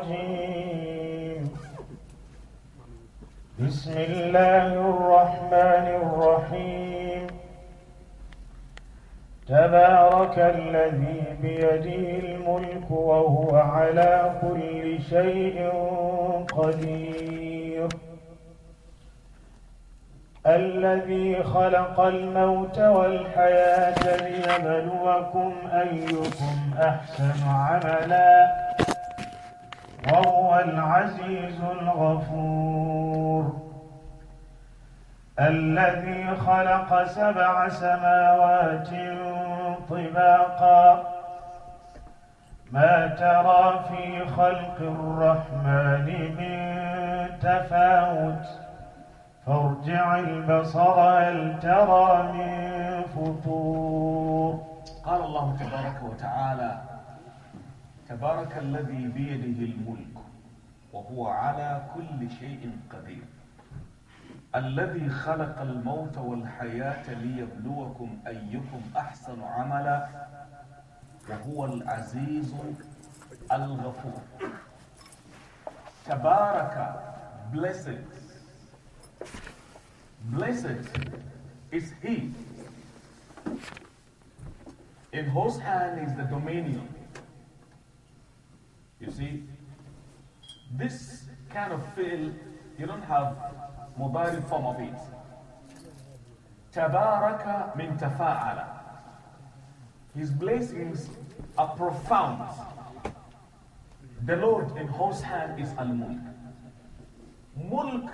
الرجيم بسم الله الرحمن الرحيم تبارك الذي بيده الملك وهو على كل شيء قدير الذي خلق الموت والحياة ليبلوكم أيكم أحسن عملاً وهو العزيز الغفور الذي خلق سبع سماوات طباقا ما ترى في خلق الرحمن من تفاوت فارجع البصر هل ترى من فطور قال الله تبارك وتعالى تبارك الذي بيده الملك وهو على كل شيء قدير الذي خلق الموت والحياة ليبلوكم أيكم أحسن عملا وهو العزيز الغفور تبارك blessed blessed is he in whose hand is the dominion You see, this kind of feel you don't have mobile form of it. Tabaraka min tafa'ala. His blessings are profound. The Lord in whose hand is al-mulk. Mulk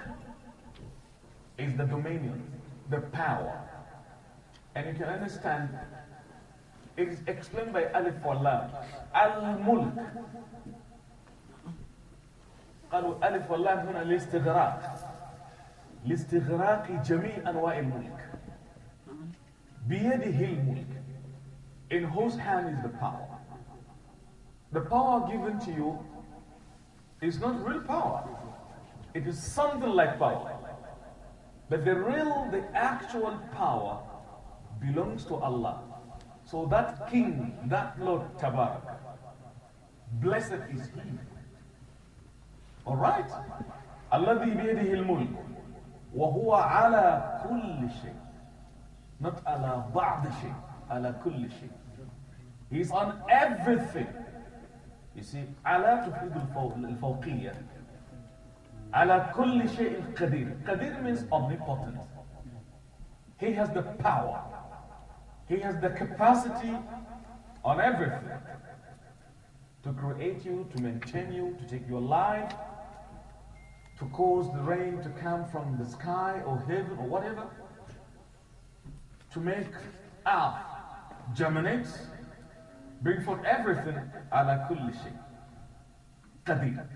is the dominion, the power. And you can understand it is explained by Alif Wallah. Al-Mulk. قالوا ألف والله هنا لاستغراق لاستغراق جميع أنواع الملك بيده الملك in whose hand is the power the power given to you is not real power it is something like power but the real the actual power belongs to Allah so that king, that Lord Tabarak, blessed is he. All right? الذي بيده الملك وهو على كل شيء not على بعض He's on everything You see على تفيد الفوقية على كل شيء قدير قدير means omnipotent He has the power he has the capacity on everything to create you, to maintain you, to take your life, to cause the rain to come from the sky or heaven or whatever, to make earth germinate, bring forth everything ala kulli shay. Qadir.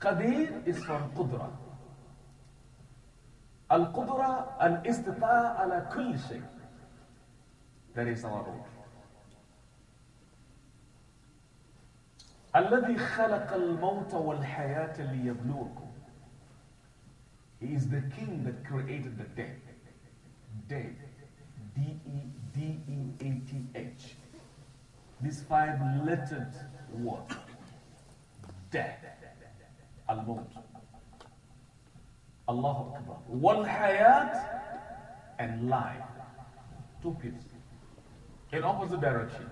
Qadir is from Qudra. Al-Qudra al-Istita'a ala kulli shay there is our Ruh. الذي خلق الموت والحياة ليبلوكم He is the king that created the death, Dead. D-E-D-E-A-T-H. This five-lettered word. death, al death. Allahu Akbar. hayat and life. Two people. in opposite direction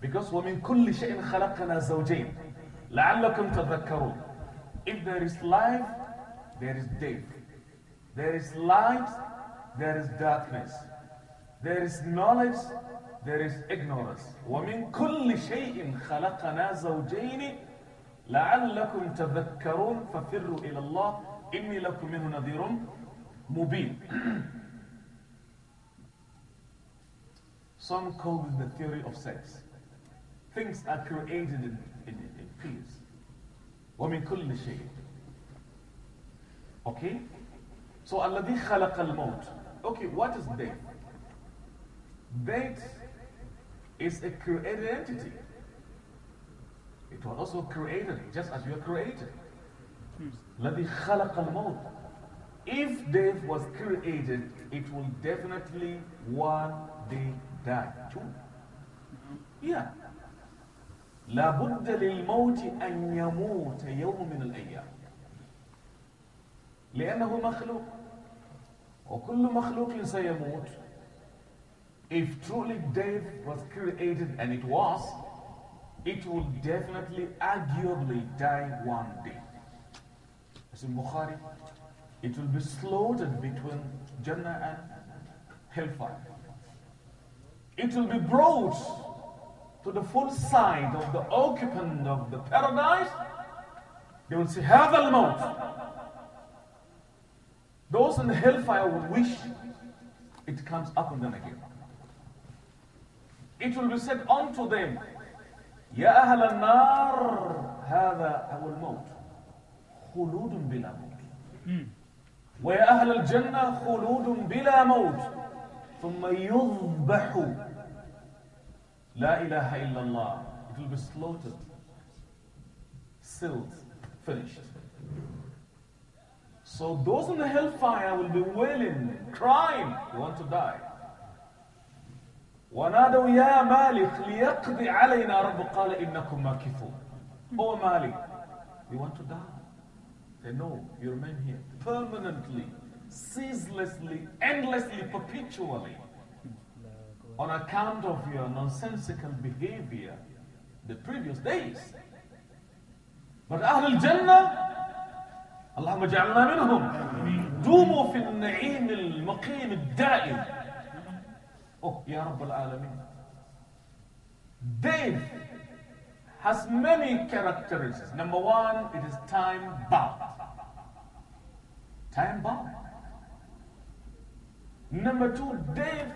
because ومن كل شيء خلقنا زوجين لعلكم تذكرون if there is life there is death there is light there is darkness there is knowledge there is ignorance ومن كل شيء خلقنا زوجين لعلكم تذكرون ففروا إلى الله إني لكم منه نذير مبين Some call it the theory of sex. Things are created in, in, in call it the shade, Okay? So, khalaq al-maut, Okay, what is death? Death is a created entity. It was also created, just as you are created. khalaq al-maut. If death was created, it will definitely one day يحتاج يا لابد للموت أن يموت يوم من الأيام لأنه مخلوق وكل مخلوق سيموت If truly death was created and it was, it will definitely arguably die one day. As in Bukhari, it will be slaughtered between Jannah and Hellfire. it will be brought to the full sight of the occupant of the paradise, they will see heaven al Those in the hellfire will wish it comes up and down again. It will be said unto them, يا أهل النار هذا هو الموت خلود بلا موت ويا أهل الجنة خلود بلا موت ثم يذبح La ilaha illallah. It will be slaughtered, sealed, finished. So those in the hellfire will be wailing, crying, they want to die. ونادوا يا مالك علينا رب قال إنكم ماكثون Oh Malik, you want to die? They know you remain here permanently, ceaselessly, endlessly, perpetually on account of your nonsensical behavior the previous days. But Ahlul Jannah, اللهم اجعلنا منهم دوموا al-maqim al-daim. Oh, Ya Rabbi al-alamin. Dave has many characteristics. Number one, it is time bound. Time bound. Number two, Dave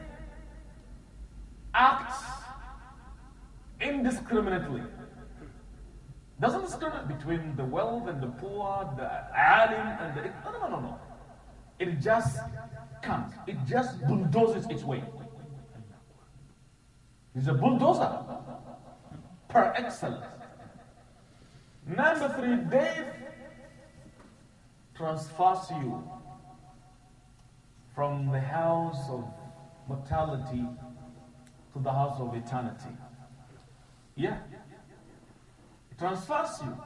acts indiscriminately. Doesn't discriminate between the wealth and the poor, the alim and the. No, no, no, no. It just comes. It just bulldozes its way. It's a bulldozer per excellence. Number three, death transfers you from the house of mortality to the house of eternity. Yeah. It transfers you.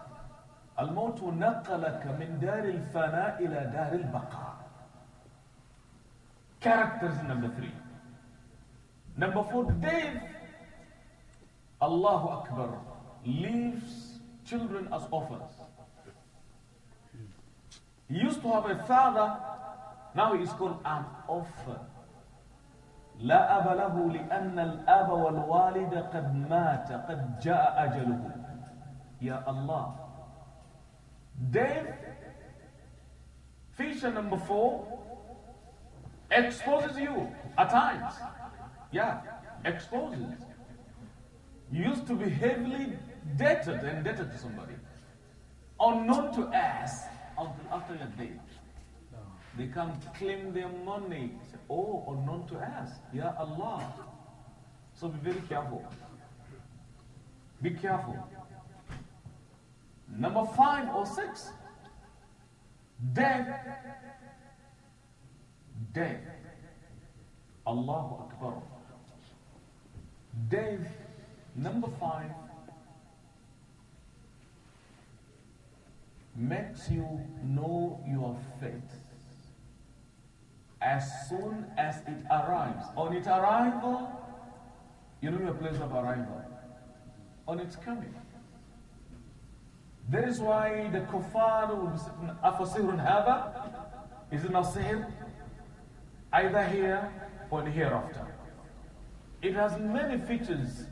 الموت نقلك من دار الفناء إلى دار البقاء. Characters number three. Number four, death. Allahu Akbar leaves children as orphans. He used to have a father, now he is called an orphan. لا أب له لأن الأب والوالد قد مات قد جاء أجله يا الله then feature number four exposes you at times yeah exposes you used to be heavily debted and debted to somebody or not to us after your date they come to claim their money or unknown to us. Ya Allah. So be very careful. Be careful. Number five or six. Death. Death. Allahu Akbar. Death. Number five. Makes you know your faith as soon as it arrives. On its arrival, you know your place of arrival. On its coming. That is why the kuffar will be sitting, Afasirun Haba, is it not sihr? Either here or the hereafter. It has many features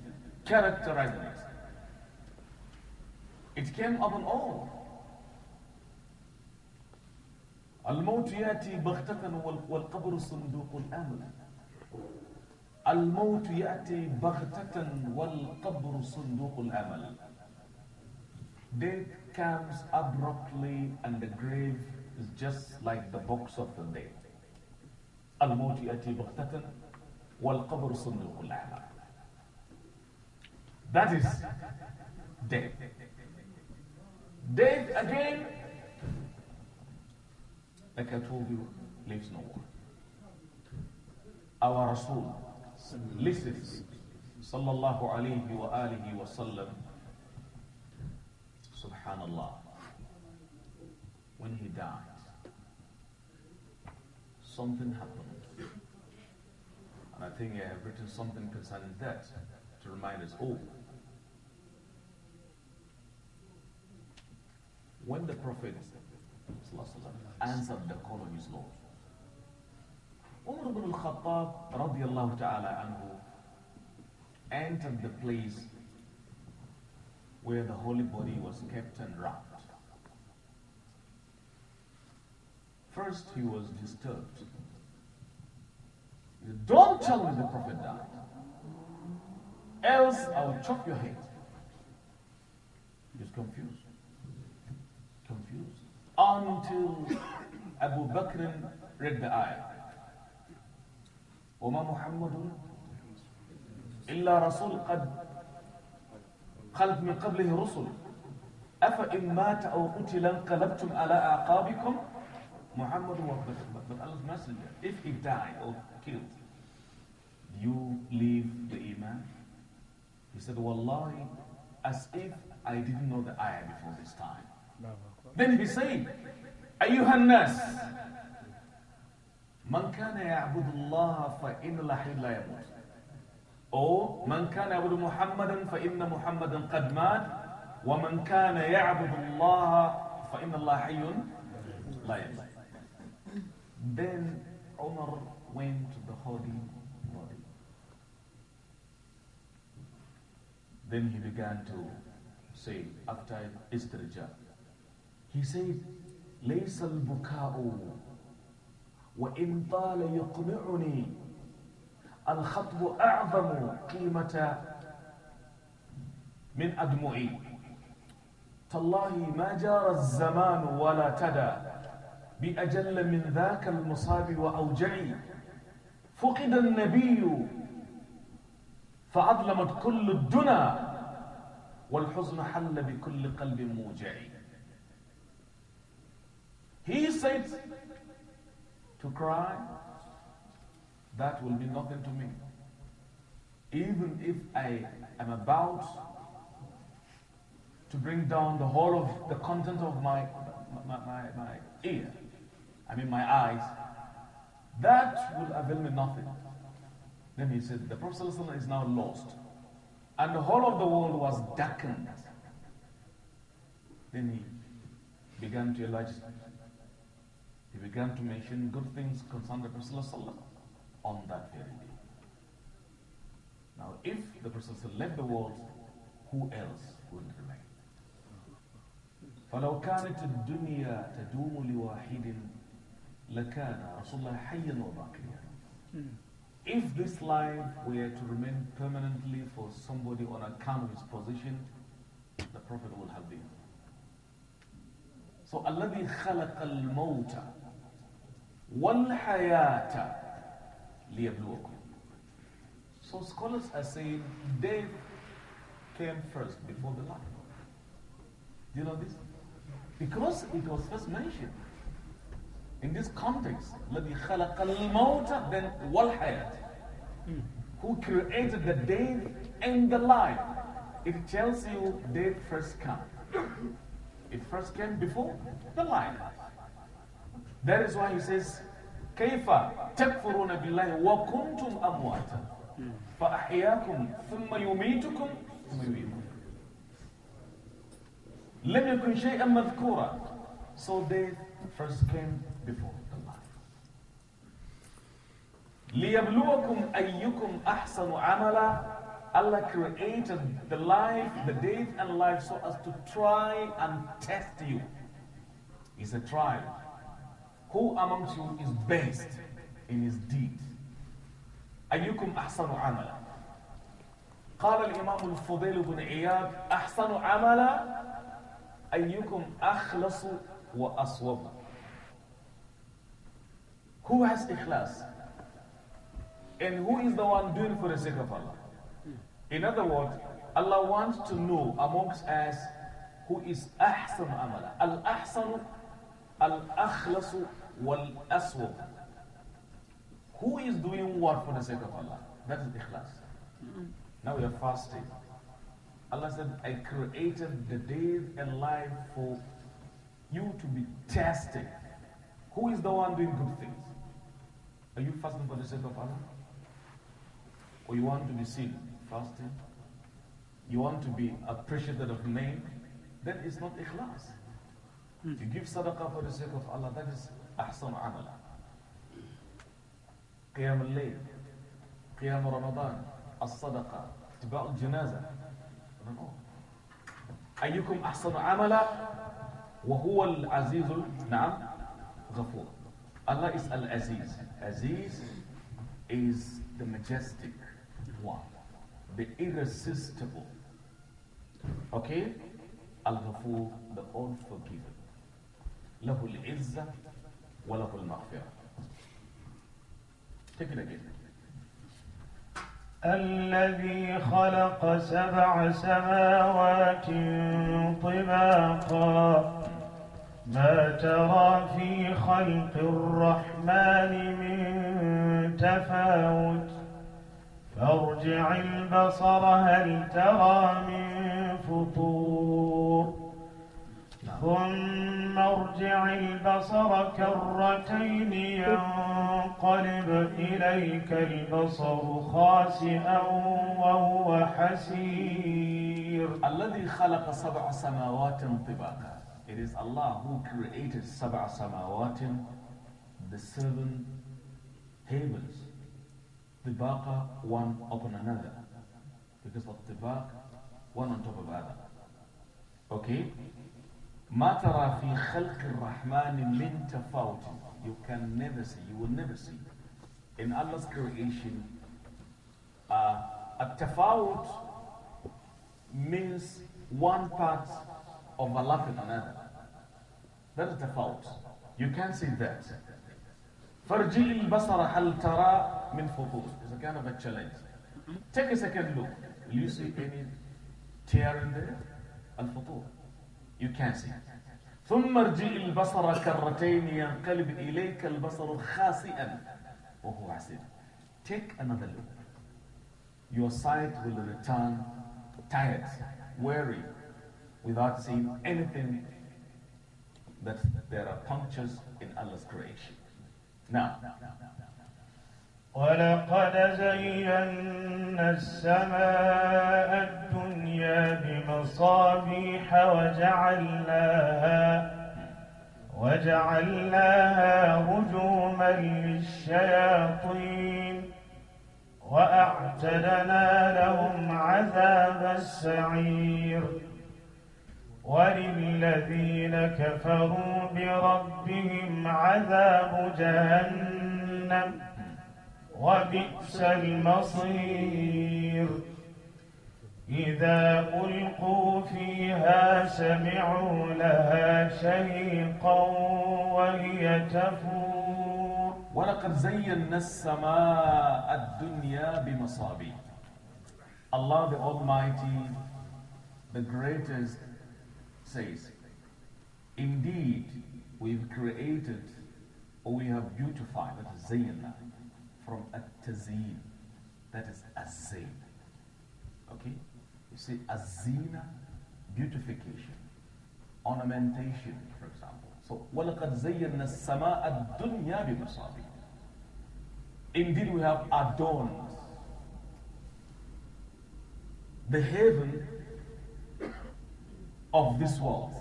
characterizing it. It came upon all. الموت يأتي بغتة والقبر صندوق الأمن الموت يأتي بغتة والقبر صندوق الأمل Death comes abruptly and the grave is just like the box of the day. الموت يأتي بغتة والقبر صندوق الامل That is death. Death again like I told you, lives no Our Rasul listens, sallallahu alayhi wa alihi wa sallam, subhanallah, when he died, something happened. And I think I have written something concerning that to remind us all. When the Prophet answered the call of his Lord. Umar ibn al-Khattab radiallahu ta'ala anhu entered the place where the holy body was kept and wrapped. First he was disturbed. He said, Don't tell me the prophet died, else I will chop your head. He was confused. Confused. until Abu Bakr read the ayah. وما محمد إلا رسول قد خلت من قبله رسل أفإن مات أو قتل انقلبتم على أعقابكم محمد was but, but Allah's messenger. If he died or killed, you leave the Iman? He said, Wallahi, as if I didn't know the ayah before this time. no, No. then he said, أيها الناس من كان يعبد الله فإن الحي لا يموت أو من كان يعبد محمدا فإن محمدا قد مات ومن كان يعبد الله فإن الله حي لا يموت Then Omar went to the holy body. Then he began to say after istirja He said, ليس البكاء وإن طال يقنعني الخطب أعظم قيمة من أدمعي تالله ما جار الزمان ولا تدى بأجل من ذاك المصاب وأوجعي فقد النبي فأظلمت كل الدنا والحزن حل بكل قلب موجعي He said to cry, that will be nothing to me. Even if I am about to bring down the whole of the content of my, my, my, my ear, I mean my eyes, that will avail me nothing. Then he said, The Prophet is now lost. And the whole of the world was darkened. Then he began to enlarge he began to mention good things concerning the Prophet on that very day. Now, if the Prophet left the world, who else would remain? فلو كانت الدنيا تدوم لواحد لكان وباقيا If this life were to remain permanently for somebody on account of his position, the Prophet would have been. So, الذي خلق الموت one لِيَبْلُوَكُمْ So scholars are saying death came first before the life. Do you know this? Because it was first mentioned. In this context, الَّذِي خَلَقَ الْمَوْتَ then Who created the death and the life. It tells you death first came. It first came before the life. That is why he says, كيف تكفرون بالله وكنتم أمواتا فأحياكم ثم يميتكم ثم يحييكم لم يكن شيئا مذكورا So death first came before the life. ليبلوكم أيكم أحسن عملا Allah created the life, the death and life so as to try and test you. It's a trial. Who amongst you is best in his deed? أيكم أحسن عملا قال الإمام الفضيل بن عياد أحسن عملا أيكم أخلص وأصوب Who has ikhlas? And who is the one doing for the sake of Allah? In other words, Allah wants to know amongst us who is is أحسن amala. Al-ahsanu, al-akhlasu wal aswab. Who is doing what for the sake of Allah? That is ikhlas. Now we are fasting. Allah said, I created the days and life for you to be tested. Who is the one doing good things? Are you fasting for the sake of Allah? Or you want to be seen fasting? You want to be appreciated of name? Then it's not ikhlas. If hmm. you give sadaqah for the sake of Allah, that is أحسن عملا قيام الليل قيام رمضان الصدقة اتباع الجنازة أيكم أحسن عملا وهو العزيز نعم غفور الله is Al-Aziz Aziz is the majestic one the irresistible okay al the all forgiven له العزة ولفوا المغفرة تكفي جدا الذي خلق سبع سماوات طباقا ما ترى في خلق الرحمن من تفاوت فارجع البصر هل ترى من فطور نعم. ثم مرجع البصر كرتين ينقلب إليك البصر خاسئا وهو حسير الذي خلق سبع سماوات طباقا It is Allah who created سبع سماوات the seven heavens طباقا one upon another because of طباق one on top of other okay ما ترى في خلق الرحمن من تفاوت you can never see you will never see in Allah's creation uh, tafawut means one part overlapping another that is tafawut you can see that فرجي البصر هل ترى من فطور it's a kind of a challenge take a second look will you see any tear in there الفطور You can see. ثم ارجع البصر كرتين ينقلب إليك البصر خاسئا وهو عسير. Take another look. Your sight will return tired, weary, without seeing anything that there are punctures in Allah's creation. Now, ولقد زينا السماء الدنيا بمصابيح وجعلناها وجعلناها رجوما للشياطين وأعتدنا لهم عذاب السعير وللذين كفروا بربهم عذاب جهنم وبئس المصير إذا ألقوا فيها سمعوا لها شيقا وهي تفور ولقد زينا السماء الدنيا بمصابيح Allah the Almighty, the Greatest, says, Indeed, we've created or we have beautified, that is Zayyana, from at-tazin. That is azin. Okay? You see, azina, beautification, ornamentation, for example. So, وَلَقَدْ زَيَّنَّا السَّمَاءَ الدُّنْيَا بِمَصَابِيحَ Indeed, we have adorned the heaven of this world,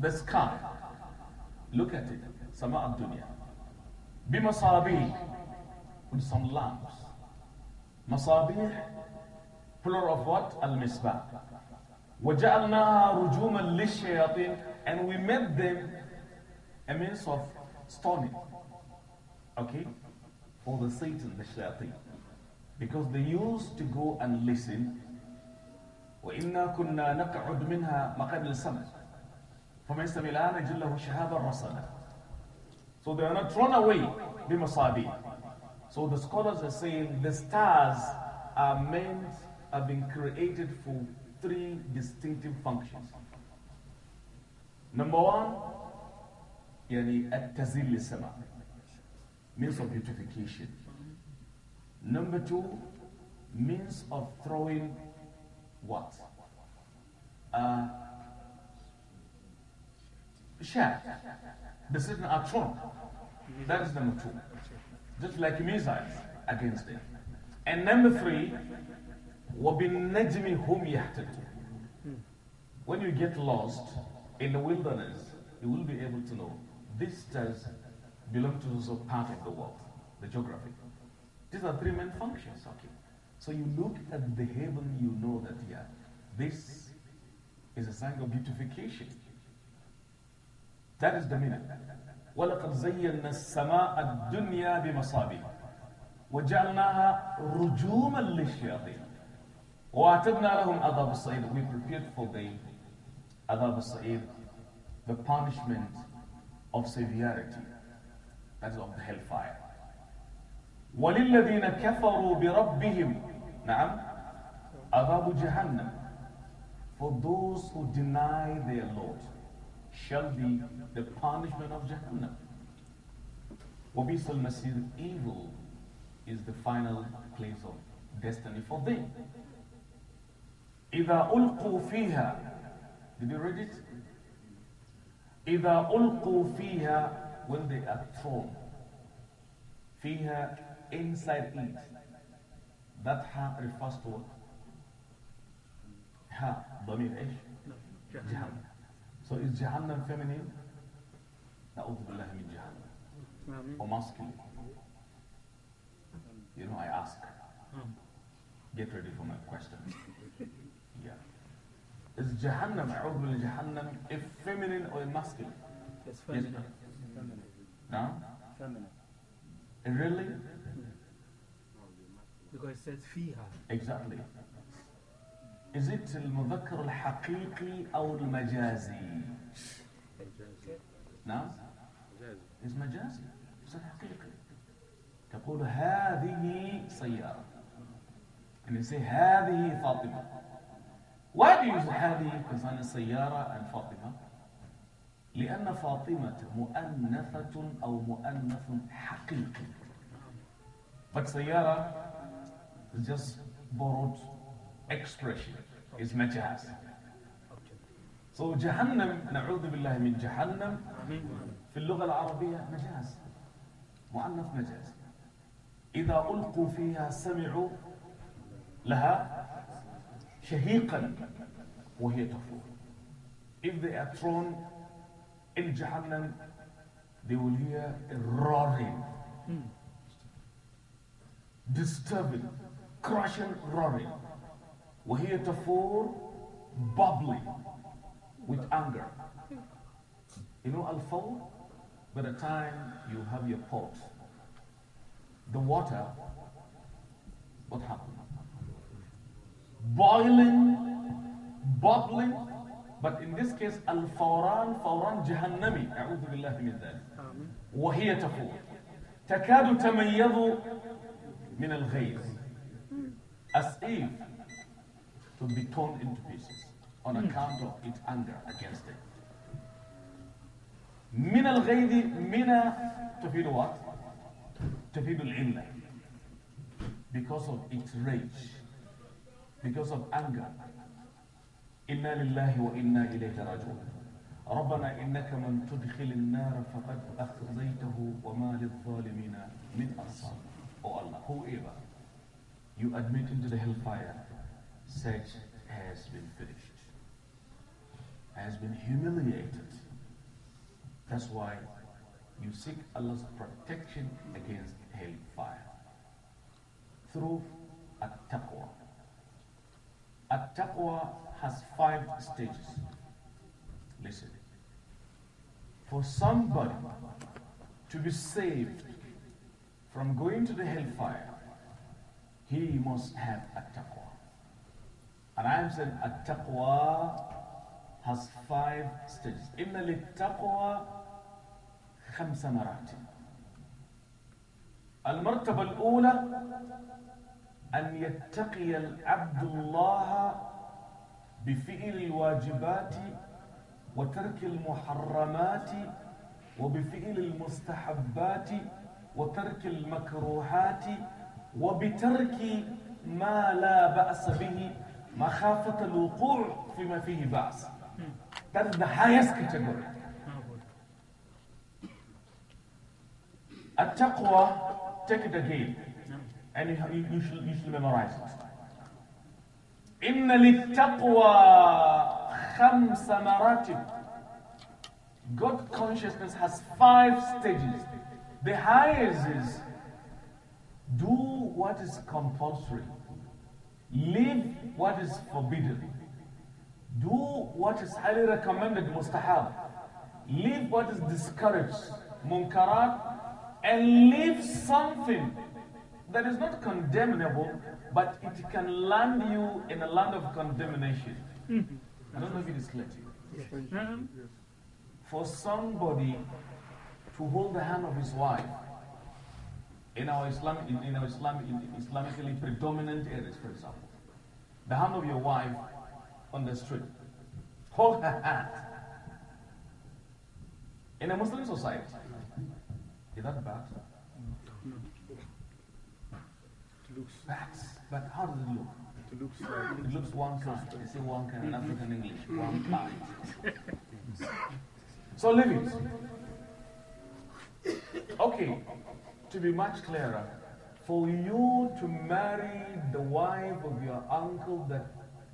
the sky. Look at it, Sama al-Dunya. with some مصابيح plural of what? المصباح. وجعلناها رجوما للشياطين and we made them a means of stoning. Okay? For the Satan, the shayateen. Because they used to go and listen. وإنا كنا نقعد منها مقعد السماء فمن سمي الآن جله شهابا رصدا. So they are not thrown away بمصابيح. So the scholars are saying the stars are meant, have been created for three distinctive functions. Number one, yani at-tazil sama means of beautification. Number two, means of throwing what? Uh, share. The sitting That is number two just like missiles against them. And number three, وَبِالنَّجْمِ هُمْ يَحْتَدُونَ When you get lost in the wilderness, you will be able to know this does belong to the part of the world, the geography. These are three main functions, okay? So you look at the heaven, you know that, yeah, this is a sign of beautification. That is وَلَقَدْ زَيَّنَّا السَّمَاءَ الدُّنْيَا بمصابيح وَجَعَلْنَاهَا رُجُومًا لِلشَّيَاطِينَ وَأَعْتَدْنَا لَهُمْ عَذَابَ الصَّعِيدِ We prepared for them عَذَابَ الصَّعِيدِ the punishment of severity, that is of the hellfire. وَلِلَّذِينَ كَفَرُوا بِرَبِّهِمْ نعم عَذَابُ جَهَنَّمْ For those who deny their Lord, shall be the punishment of Jahannam. Wabis al-Masir, evil, is the final place of destiny for them. إِذَا أُلْقُوا فِيهَا Did you read it? إِذَا أُلْقُوا فِيهَا When they are thrown. فِيهَا inside it. That ha refers to what? Ha, ضمير ايش؟ جهنم. So is Jahannam feminine? Na'udhu billahi min Jahannam. Or masculine? You know, I ask. Hmm. Get ready for my question. yeah. Is Jahannam, A'udhu billahi Jahannam, a feminine or a masculine? It's feminine. feminine. no? Feminine. Really? Hmm. Because it says fiha. Exactly. إجبت المذكر الحقيقي أو المجازي نعم اسم مجازي اسم حقيقي تقول هذه سيارة يعني say هذه فاطمة why do you use هذه كصانع السيارة عن فاطمة لأن فاطمة مؤنثة أو مؤنث حقيقي but سيارة is just borrowed expression is majaz. So Jahannam, نعوذ بالله من جهنم في اللغة العربية مجاز مؤنث مجاز إذا ألقوا فيها سمعوا لها شهيقا وهي تفور If they are thrown in Jahannam they will hear a roaring disturbing crushing roaring were heretofore bubbling with anger. You know, al Fawr, by the time you have your pot, the water, what happened? Boiling, bubbling, but in this case, al-fawran, fawran jahannami, a'udhu billahi min dhalik. وهي تفور تكاد تميض من الغيظ as if to be torn into pieces on hmm. account of its anger against it. من الغيظ من تفيد what? تفيد العلة because of its rage because of anger إنا لله وإنا إليه راجعون ربنا إنك من تدخل النار فقد أخزيته وما للظالمين من أنصار Oh Allah, whoever you admit into the hellfire Sex has been finished, has been humiliated. That's why you seek Allah's protection against hellfire through at-taqwa. At-taqwa has five stages. Listen. For somebody to be saved from going to the hellfire, he must have at-taqwa. Arabs said At-Taqwa has five stages. إِنَّ لِلتَّقْوَى خمس مراتب. المرتبة الأولى أن يتقي العبد الله بفعل الواجبات وترك المحرمات وبفعل المستحبات وترك المكروهات وبترك ما لا بأس به مخافة الوقوع فيما فيه بأس That is the highest category. At taqwa, take it again. And you, you, should, you should memorize it. إن للتقوى خمس مراتب. God consciousness has five stages. The highest is do what is compulsory. Leave what is forbidden. Do what is highly recommended, mustahab. Leave what is discouraged, munkarat. And leave something that is not condemnable, but it can land you in a land of condemnation. Mm -hmm. I don't know if it is clear to you. Yes. Uh-huh. For somebody to hold the hand of his wife in our Islamic, in, in our Islamic, in Islamically predominant areas, for example. The hand of your wife on the street. Hold her hand. In a Muslim society, is that bad? Looks. Bad, but how does it look? It looks, like it looks one kind. They say one kind in African English, one kind. so leave it. Okay, to be much clearer, for you to marry the wife of your uncle that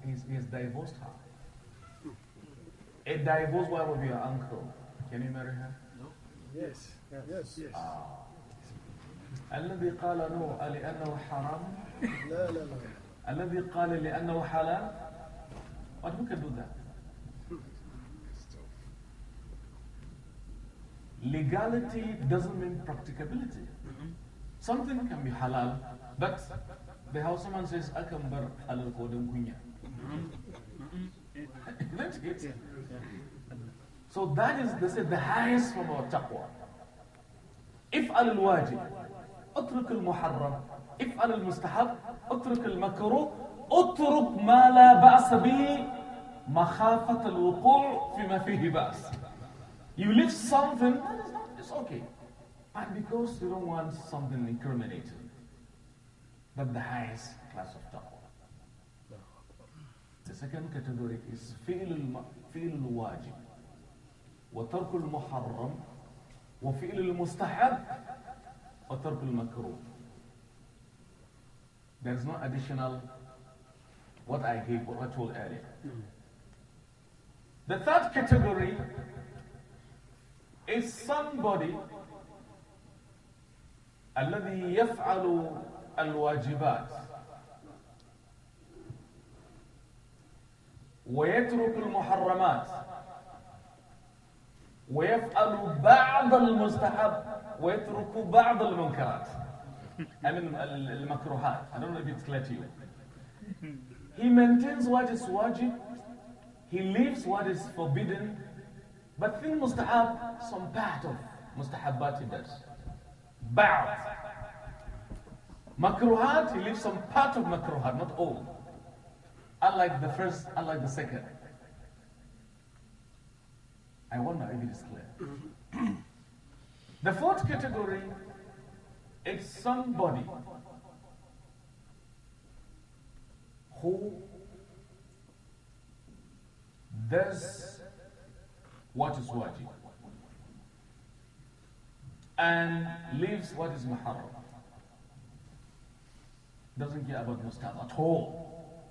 is, is divorced her. A divorced wife of your uncle. Can you marry her? No. Yes. Yes. Yes. Ah. الذي قال نو لأنه حرام لا لا لا الذي قال لأنه حلال but who can do that legality doesn't mean practicability. Something can be halal, but the houseman says, I can bar halal kodin kunya. Isn't it? So that is they say, the highest form of taqwa. افعل الواجب اترك المحرم افعل المستحب اترك المكروه اترك ما لا بأس به مخافة الوقوع فيما فيه بأس You leave something that is not, it's okay. And because you don't want something incriminating, that's the highest class of taqwa. The second category is fi'l al-wajib wa tark al-muharram wa fi'l There's no additional what I gave what I told earlier. The third category is somebody الذي يفعل الواجبات ويترك المحرمات ويفعل بعض المستحب ويترك بعض المنكرات I المكروهات I don't know if it's clear to you He maintains what is wajib He leaves what is forbidden But must mustahab, some part of mustahabat he does. Ba'd. Makruhat, he leaves some part of makruhat, not all. Unlike the first, unlike the second. I wonder if it is clear. the fourth category is somebody who does what is wajib and leaves what is muharram. Doesn't care about mustahab at all.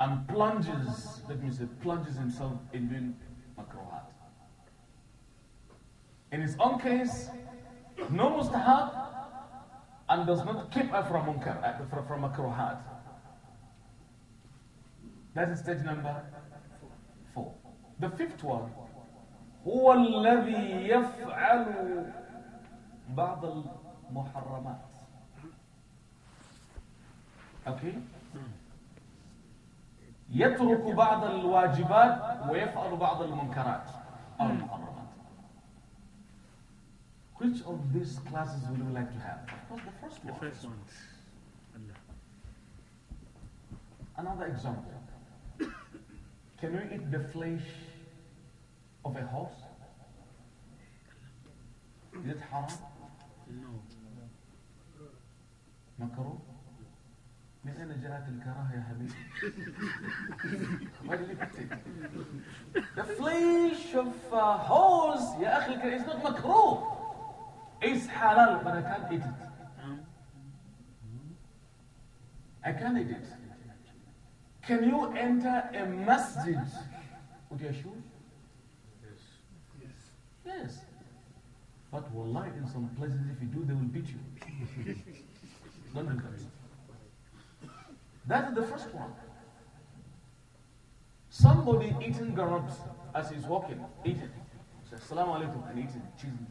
And plunges, Let me say, plunges himself in doing makruhat. In his own case, no mustahab and does not keep her from munkar, uh, from, from makruhat. That is stage number The fifth one هو الذي يفعل بعض المحرمات okay يترك بعض الواجبات ويفعل بعض المنكرات أو المحرمات Which of these classes would you like to have? the first one. The first one. Another example. Can we eat the flesh Of a horse? Is it haram? No. مكروه؟ من أين جاءت الكراهة يا حبيبي؟ The flesh of a horse يا أخي is not مكروه. It's halal but I can't eat it. I can't eat it. Can you enter a masjid with your shoes? Yes. But wallahi, in some places, if you do, they will beat you. Don't do that. That is the first one. Somebody eating garabs as he's walking, eating. Say Salaam alaikum, and eating, cheesing.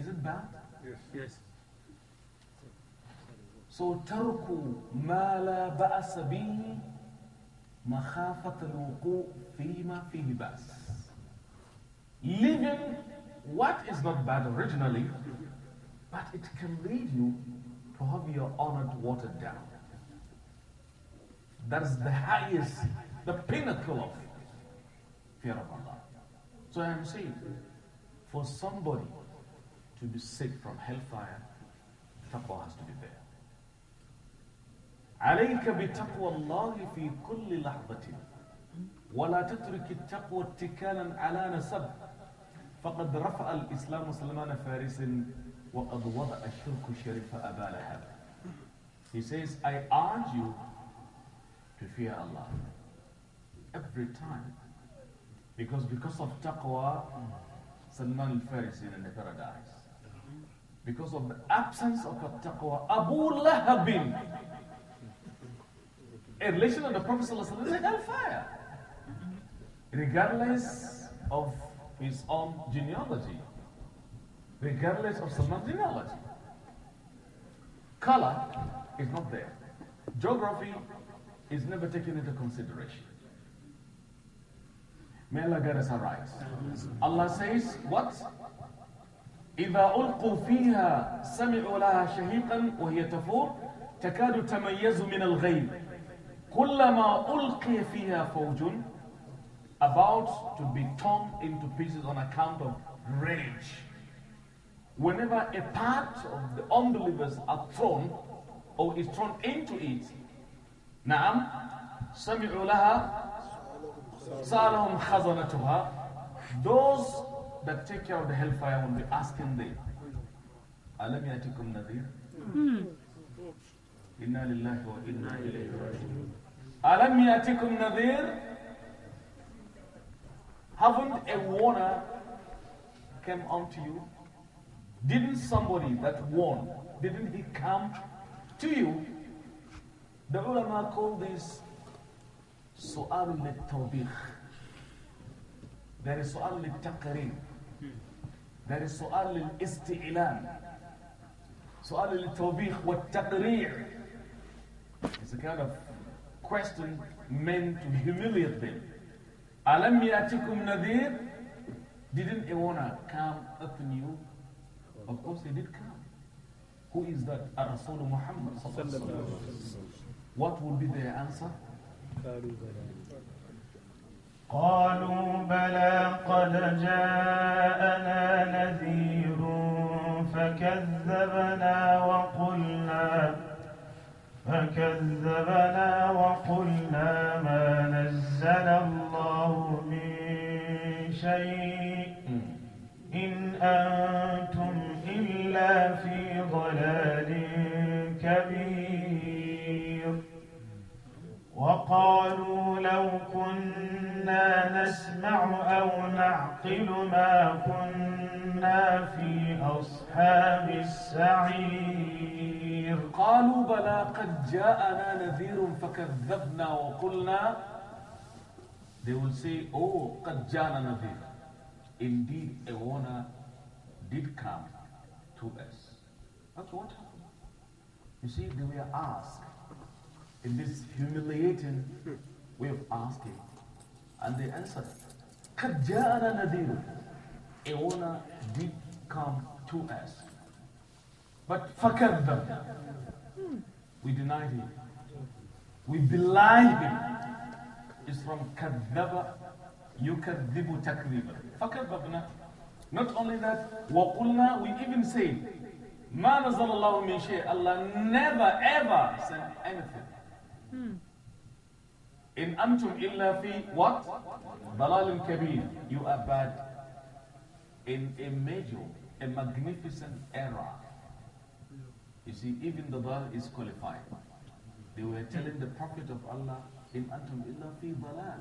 Is it bad? Yes. yes. So, تركوا ما لا بأس به مخافة الوقوع فيما فيه بأس leaving what is not bad originally, but it can lead you to have your honor watered down. That is the highest, the pinnacle of fear of Allah. So I am saying, for somebody to be sick from hellfire, taqwa has to be there. عليك بتقوى الله في كل لحظة ولا تترك التقوى اتكالا على نسب فقد رفع الإسلام سلمان فارس وقد وضع الشرك الشريف أبا لهب He says, I urge you to fear Allah every time. Because because of taqwa, Salman al faris in the paradise. Because of the absence of taqwa, Abu Lahab, a relation of the Prophet a hellfire. Regardless of is on genealogy, regardless of Salman's genealogy. Color is not there. Geography is never taken into consideration. May Allah guide us aright. Allah says, what? إذا ألقوا فيها سمعوا لها شهيقا وهي تفور تكاد تميز من الغيب كلما ألقي فيها فوج about to be torn into pieces on account of rage. Whenever a part of the unbelievers are thrown or is thrown into it, نعم سمعوا لها سألهم خزنتها Those that take care of the hellfire will be asking them ألم يأتكم نذير؟ إنا لله وإنا إليه راجعون ألم يأتكم نذير؟ haven't a warner come unto you? Didn't somebody that warned, didn't he come to you? The ulama call this su'al al-tawbih. There is su'al al-taqrib. There is su'al al-isti'lan. Su'al al-tawbih wa taqrir. It's a kind of question meant to humiliate them. ألم يأتكم نذير? Didn't Iwana come upon you? Of course he did come. Who is that? Rasul Muhammad. What would be their answer? قالوا بلى قد جاءنا نذير فكذبنا وقلنا فكذبنا وقلنا ما نزل الله الله من شيء إن أنتم إلا في ضلال كبير وقالوا لو كنا نسمع أو نعقل ما كنا في أصحاب السعير قالوا بلى قد جاءنا نذير فكذبنا وقلنا They will say, Oh, Kajjana Nadir. indeed a warner did come to us. That's what happened. You see, they were asked in this humiliating way of asking, and they answered, Kajjana Nadir, a warner did come to us. But fakad them. We denied him. We belied him is from كذب يكذب تكذيبا فكذبنا not only that وقلنا we even say ما نزل الله من شيء Allah never ever sent anything hmm. in أنتم إلا في what ضلال كبير you are bad in a major a magnificent error you see even the Dal is qualified they were telling the prophet of Allah إن أنتم إلا في ضلال.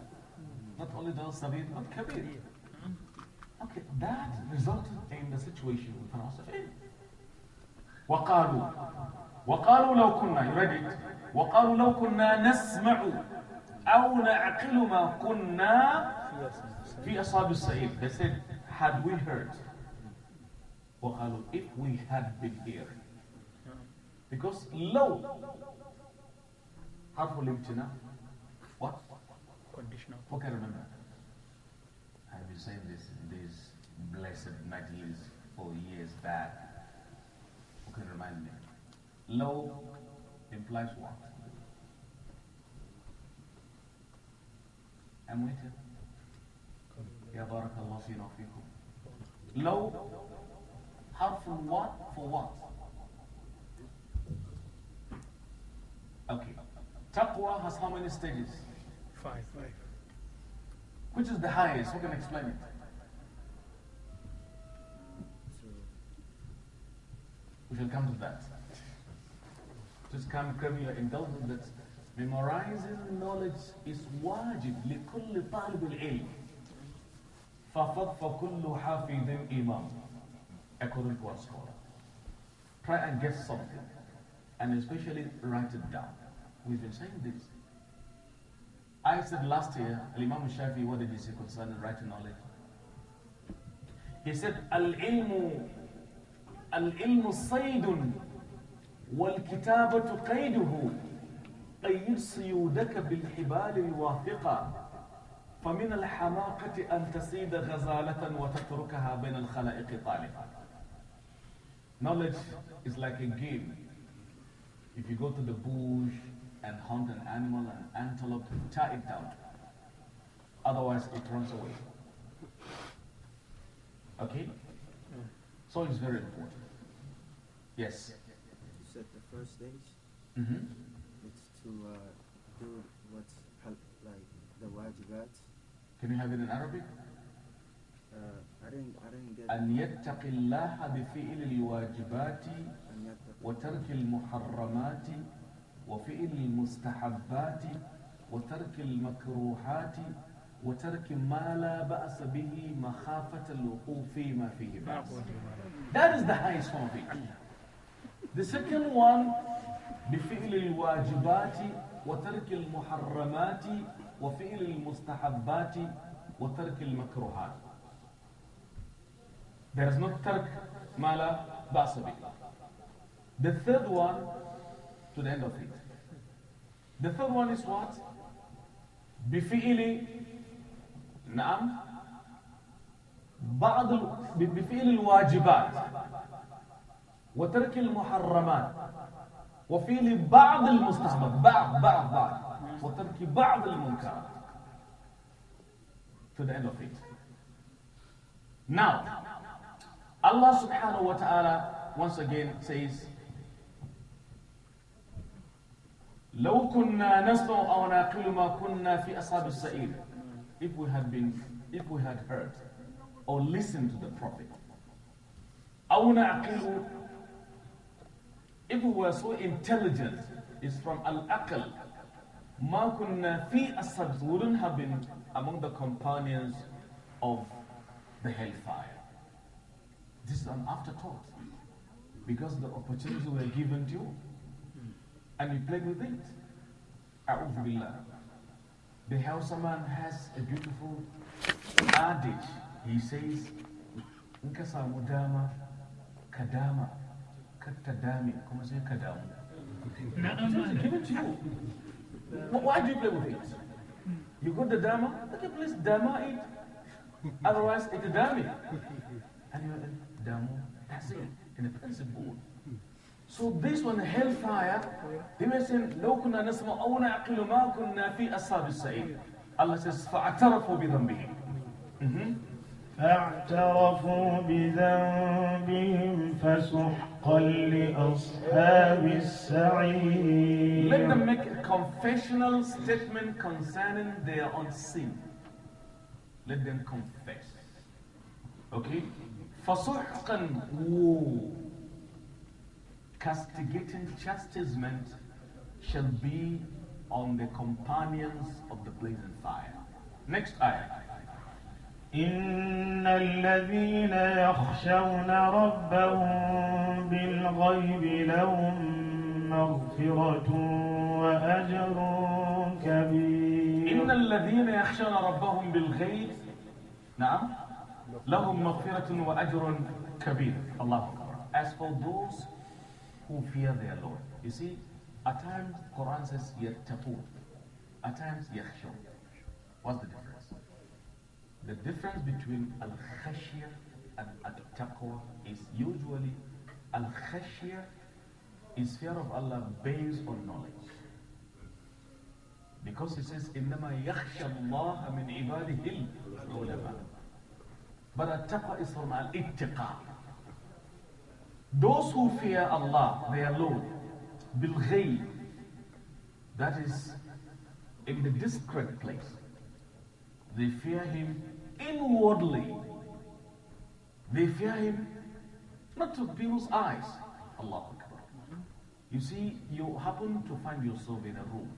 Not only the سبيل but كبير Okay, that resulted in the situation we found ourselves in. وقالوا وقالوا لو كنا you read it وقالوا لو كنا نسمع أو نعقل ما كنا في أصحاب السعيد they said had we heard وقالوا if we had been here because لو حرف الامتناع No. Okay, remember. I've been saying this this blessed majlis for years back. Okay, remind me. Low implies what? I'm with you. يا بارك Low harf what for what? Okay. Taqwa has how many stages? Five. Five. Which is the highest? Who can explain it? We shall come to that. Just come claim your indulgence that memorizing knowledge is wajib لكل طالب العلم. فَفَقْ فَكُلُّ حَافِظٍ imam. According to our scholar. Try and get something and especially write it down. We've been saying this. I said last year, Imam Shafi, what did he say concerning right knowledge? He said, Al-ilmu, al saydun, wal-kitabatu qayduhu, قيد سيودك بالحبال الواثقة فمن الحماقة أن تصيد غزالة وتتركها بين الخلائق طالبا Knowledge is like a game. If you go to the bush, and hunt an animal, an antelope, tie it down. Otherwise, it runs away. Okay? So it's very important. Yes? You said the first stage? Mm -hmm. It's to uh, do what's like the wajibat. Can you have it in Arabic? Uh, I didn't, I didn't get أن يتقي الله بفعل الواجبات وترك المحرمات وفعل المستحبات وترك المكروهات وترك ما لا بأس به مخافة الوقوف فيما فيه بأس نعم. That is the highest form of it. The second one بفعل الواجبات وترك المحرمات وفعل المستحبات وترك المكروهات There is not ترك ما لا بأس به The third one to the end of it The third one is what? Bifi'ili Naam بعض بفعل الواجبات وترك المحرمات وفعل بعض المستحبات بعض بعض بعض وترك بعض المنكرات to the end of it now Allah subhanahu wa ta'ala once again says لو كنا نسمع أو نعقل ما كنا في أصحاب السعيد if we had been if we had heard or listened to the prophet أو نعقل if we were so intelligent is from al-aql ما كنا في أصحاب wouldn't have been among the companions of the hellfire this is an afterthought because the opportunities were given to you and you play with it. I will be The Hausa man has a beautiful adage. He says, in ka samu mudama, kadama, dama, kar ta dame, kuma sai given to you. Why do you play with it? You got the dama, okay, please dama it. Otherwise, it's a dummy. And you're in damo, that's it, in a principle. So this one hellfire, he was saying, لو كنا نسمع أو نعقل ما كنا في أصحاب السعيد. Allah says, فاعترفوا بذنبهم. فاعترفوا بذنبهم فسحقا لأصحاب السعير. Let them make a confessional statement concerning their own sin. Let them confess. Okay? فسحقا, whoa. castigating chastisement shall be on the companions of the blazing fire. Next ayah. إن الذين يخشون ربهم بالغيب لهم مغفرة وأجر كبير إن الذين يخشون ربهم بالغيب نعم لهم مغفرة وأجر كبير الله أكبر As for those who fear their Lord. You see, at times Quran says yattaqu, at times yakhshu. What's the difference? The difference between al-khashya and at-taqwa is usually al-khashya is fear of Allah based on knowledge. Because it says, إِنَّمَا يَخْشَى اللَّهَ مِنْ عِبَادِهِ الْعُلَمَاءِ But at is from al-ittiqa. Those who fear Allah, their Lord, bil that is in the discreet place. They fear Him inwardly. They fear Him not to people's eyes. Allah Akbar. You see, you happen to find yourself in a room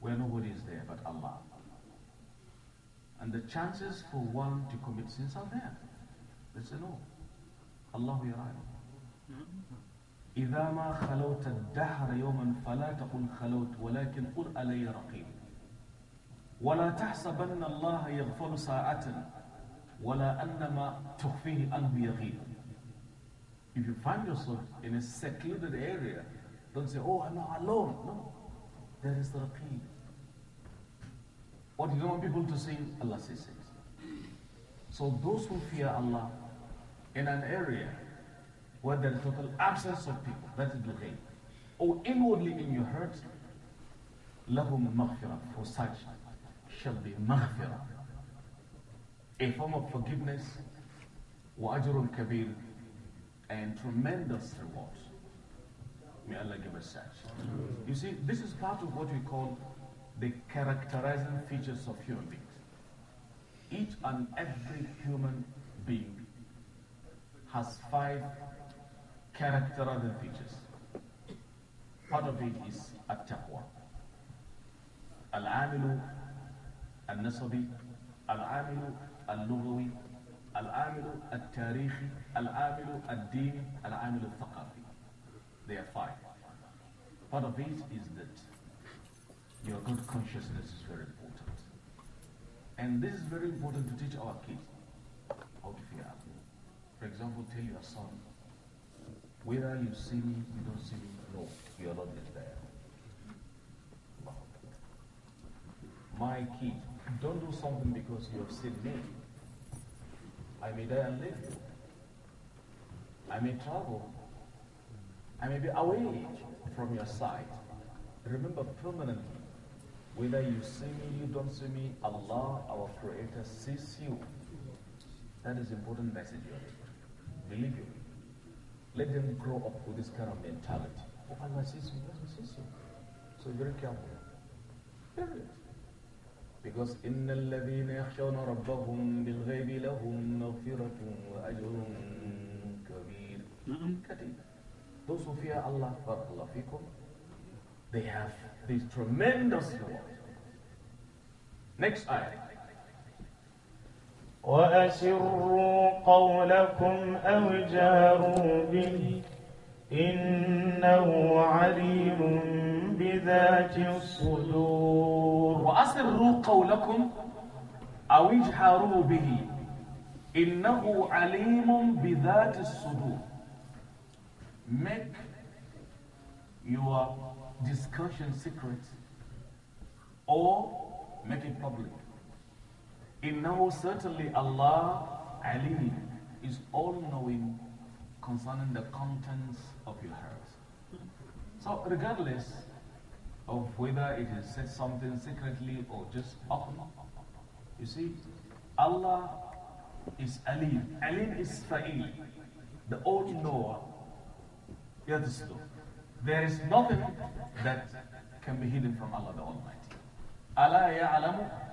where nobody is there but Allah. And the chances for one to commit sins are there. That's a no. الله يراك إذا ما خلوت الدهر يوما فلا تقل خلوت ولكن قل ألي رقيب ولا تحسبن الله يغفر ساعة ولا أنما تخفيه أنه يغيب If you find yourself in a secluded area, don't say, oh, I'm not alone. No, there is the Raqib. What you don't want people to say, Allah says it. So those who fear Allah, in an area where there is total absence of people, that is thing. or inwardly in your heart, لَهُمْ مَغْفِرَةً For such shall be maghfirah, a form of forgiveness, وَأَجْرٌ kabir, and tremendous reward. May Allah give us such. You see, this is part of what we call the characterizing features of human beings. Each and every human being has five characterizing features. Part of it is at-taqwa. العامل النسبي al-tarikhi, اللغوي العامل التاريخي al الديني العامل الثقافي They are five. Part of it is that your good consciousness is very important. And this is very important to teach our kids how to fear for example, tell your son, whether you see me, you don't see me, no, you are not there. My kid, don't do something because you have seen me. I may die and live. I may travel. I may be away from your sight. Remember permanently, whether you see me, you don't see me, Allah, our Creator, sees you. That is important message Believe it. Let them grow up with this kind of mentality. Oh, Allah sees you, Allah sees you. So very careful. Very Because إن الذين يخشون ربهم بالغيب لهم مغفرة وأجر كبير. كثير. Those who fear Allah, barakallah fikum, they have this tremendous reward. Next ayah. وأسروا قولكم أو جاروا به إنه عليم بذات الصدور وأسروا قولكم أو اجهروا به إنه عليم بذات الصدور make your discussion secret or make it public He knows certainly Allah, Ali, is all knowing concerning the contents of your heart. So, regardless of whether it is said something secretly or just openly, you see, Allah is Alim. Alim is Fa'il, the all knower. Hear this There is nothing that can be hidden from Allah the Almighty. Allah ya'alamu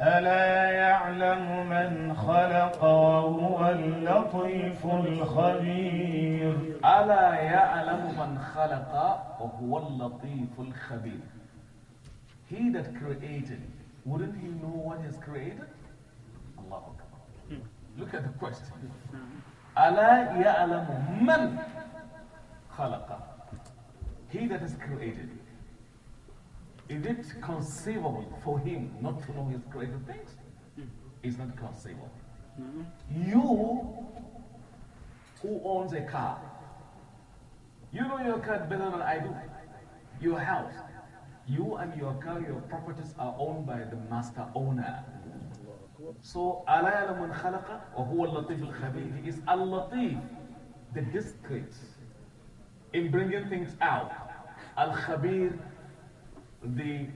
ألا يعلم من خلق وهو اللطيف الخبير ألا يعلم من خلق وهو اللطيف الخبير He that created, wouldn't he know what is created? Allah Akbar. Look at the question. ألا يعلم من خلق He that is created, Is it conceivable for him not to know his greater things? It's not conceivable. You who owns a car, you know your car better than I do. Your house, you and your car, your properties are owned by the master owner. So, أَلَا or who وَهُوَ اللَّطِيفُ الْخَبِيرُ He is Al-Latif, the discreet, in bringing things out. Al-Khabir, the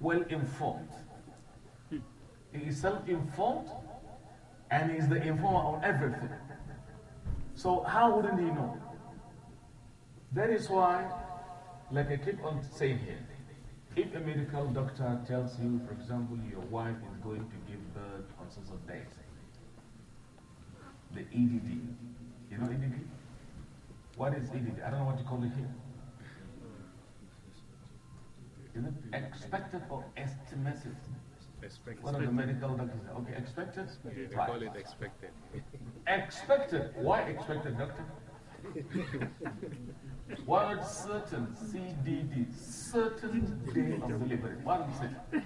well-informed. He is self-informed and he is the informer of everything. So how wouldn't he know? That is why, like I keep on saying here, if a medical doctor tells you, for example, your wife is going to give birth on such a day, the EDD, you know EDD? What is EDD? I don't know what you call it here expected or estimated? Expected. One of the medical doctors. Okay, expected? expected. They right. call it expected. expected. Why expected, doctor? Word certain, CDD, certain day of delivery. One certain.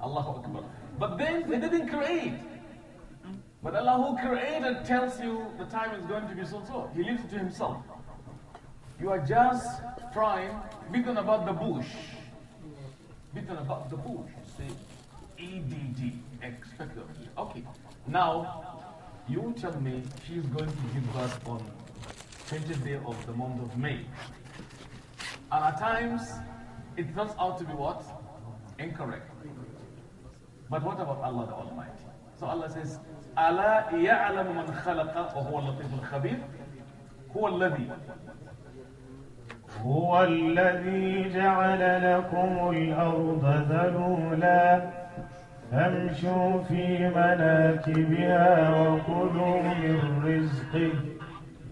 Allahu Akbar. But then they didn't create. But Allah who created tells you the time is going to be so so. He leaves it to himself. You are just trying, on about the bush. on about the bush. You say, EDD, expected. Okay. Now, you tell me she's going to give birth on 20th day of the month of May. And at times, it turns out to be what? Incorrect. But what about Allah the Almighty? So Allah says, Allah يَعْلَمُ مَنْ خَلَقَ وَهُوَ اللَّطِيفُ الْخَبِيرُ هُوَ الَّذِي هو الذي جعل لكم الأرض ذلولا فامشوا في مناكبها وكلوا من رزقه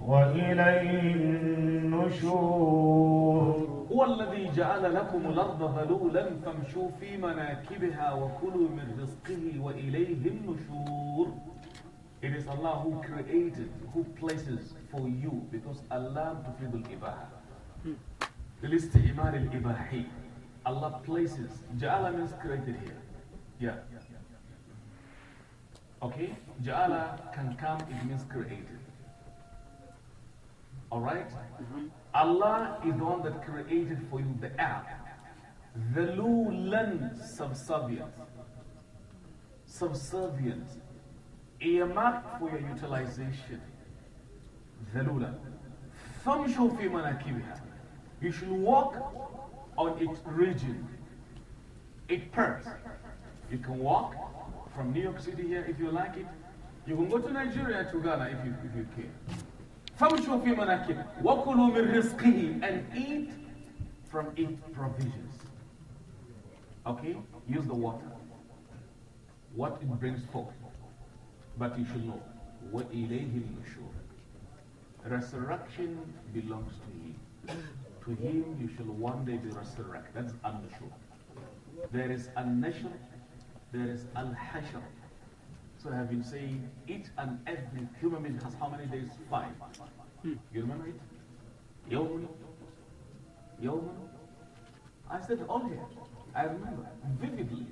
وإليه النشور هو الذي جعل لكم الأرض ذلولا فامشوا في مناكبها وكلوا من رزقه وإليه النشور It is Allah who created, who places for you because Allah to feel the ibadah. للاستعمار الإباحي Allah places جعل means created here yeah okay Ja'ala can come it means created all right mm-hmm. Allah is the one that created for you the air. the lulan subservient subservient earmarked for your utilization The ذلولا فامشوا في مناكبها you should walk on its region, It purse. You can walk from New York City here if you like it. You can go to Nigeria, to Ghana if you, if you care. فَمْشُوا فِي مَنَاكِبِ وَكُلُوا مِنْ رِزْقِهِ And eat from its provisions. Okay? Use the water. What it brings forth. But you should know. Resurrection belongs to me to him you shall one day be resurrected. That's al-nushur. There is al-nashr, there is al-hashr. So I have been saying each and every human being has how many days? Five. Hmm. You remember it? Yawm. Yawm. I said all here. I remember vividly.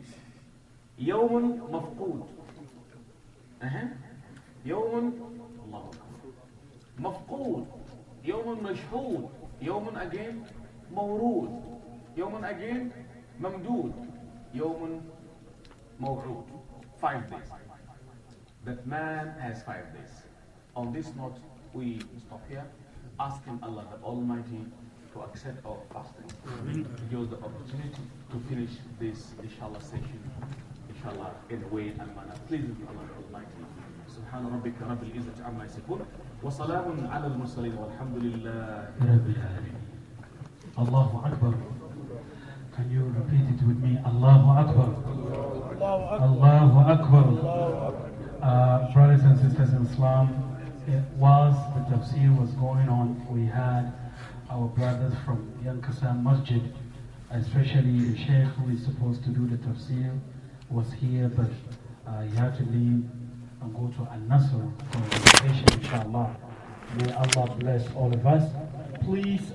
Yawm mafqood. Uh-huh. Yawm Allah. Mafqood. يوم مشهود يوم again مورود يوم again ممدود يوم موعود five days that man has five days on this note we stop here asking Allah the Almighty to accept our fasting to give us the opportunity to finish this inshallah session inshallah in a way and manner pleasing to Allah the Almighty سبحان ربك رب العزة عما يصفون وسلام على المرسلين والحمد لله رب العالمين الله أكبر Can you repeat it with me? Allahu Akbar. Allahu Akbar. Uh, brothers and sisters in Islam, whilst the tafsir was going on, we had our brothers from Yankasan Masjid, especially the sheikh who is supposed to do the tafsir, was here, but uh, he had to leave and go to Al-Nasr conversation. inshallah. May Allah bless all of us. Please.